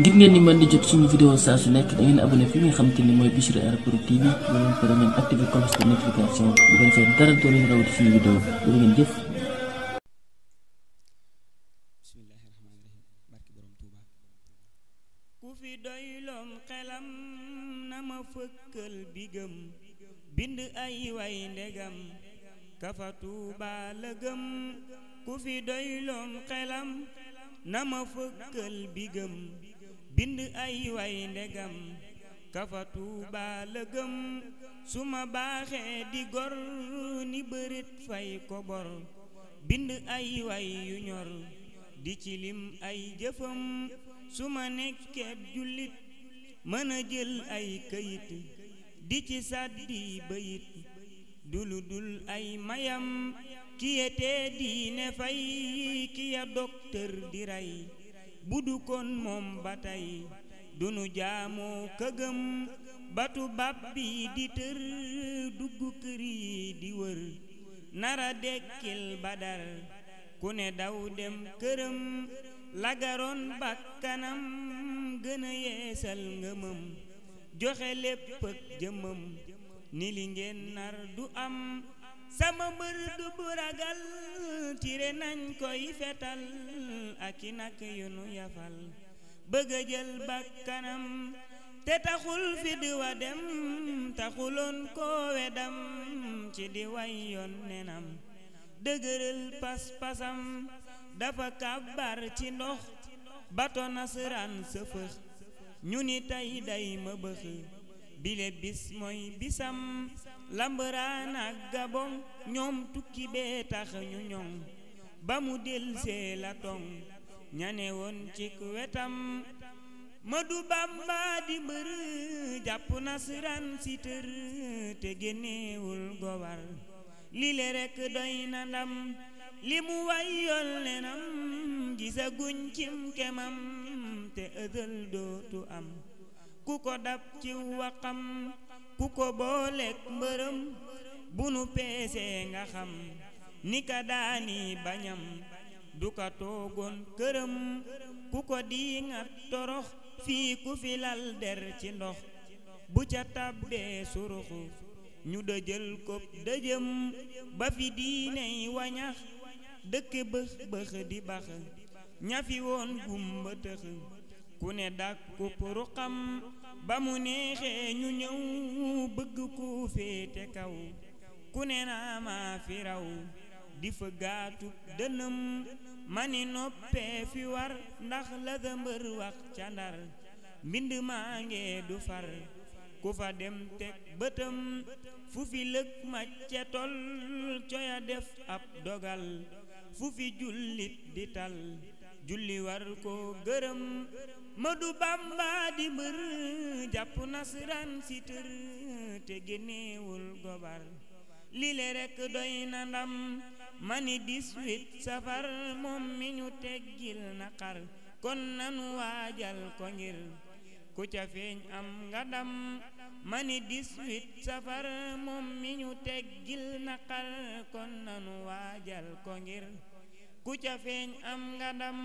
ngir ngeen di mën di jot suñu vidéo saa su nekk da ngeen fi nga xam te ni mooy Bichri Airport TV ku fi doyloom xelam na ma fëkkal bigam bind ay way ndegam kafa tuuba la gëm ku fi doyloom xelam na ma fëkkal bigam bind ay way ndegam kafa tuuba la su ma baaxee di gor ni bërit fay ko bind ay way yu ñor di ci lim ay jëfam su ma nekkeeb jullit mën a jël ay këyit di ci sàddi bayit dulu dul ay mayam kiye tee diine fay kiya docteur di rey bu du kon moom ba tey du nu jaamu këgëm batu bab di tër dugg kër yi di wër nara dekkil badar ku ne daw dem këram lagaroon bakkanam gën a yeesal ngëmam joxe lépp ak jëmmam ni li ngeen nar du am sama mbër du bu ragal tire nañ koy fetal ak i nag yu nu yafal bëgg a jël bakkanam te taxul fi di wa dem taxuloon koo wedam ci di yoon nenam dëgëral pas-pasam dafa kàbbar ci ndox bato nasaraan sëfëx ñu ni tey day ma bëx bile bis mooy bisam lambaraana ak gabon ñoom tukki bee tax ñu ñoŋ ba mu delsee la tong ñane woon ci wetam Madu Bamba di mbër jàpp nasran si tër te génnewul gowar li rekk doy na ndam li mu wayyol nenam gisa guñ cim kemam te ëdël dootu am ku ko dab ci waxam ku ko booleek mbërëm bu nu peesee nga xam ni ka daani bañam du ka toogoon këram ku ko di nga torox fii ku fi lal der ci ndox bu ca tabbee suruxu ñu dëjël ko dëjëm ba fi diiney wañax dëkk bëx bëx di bax ñafi woon gumba tëx ku ne dàkku pour xam ba mu neexee ñu ñëw bëgg ku féete kaw ku ne naa maa fi raw di fa gaatu dënëm mani noppee fi war ndax la sa mbër wax ca ndar mbind maa ngee du far ku fa dem teg bëtam fu fi lëg macce tol coya def ab dogal fu fi jullit di tal julli war ko gërëm Madu Bamba di mbër jàpp nasran si tër te génneewul gobar li le rekk doy na ndam mani 18 safar moom mi ñu teggil naqar kon nanu waajal ko ngir ku ca feeñ am nga dam mani 18 safar moom mi ñu teggil naqar kon nanu waajal ko ngir ku ca feeñ am nga dam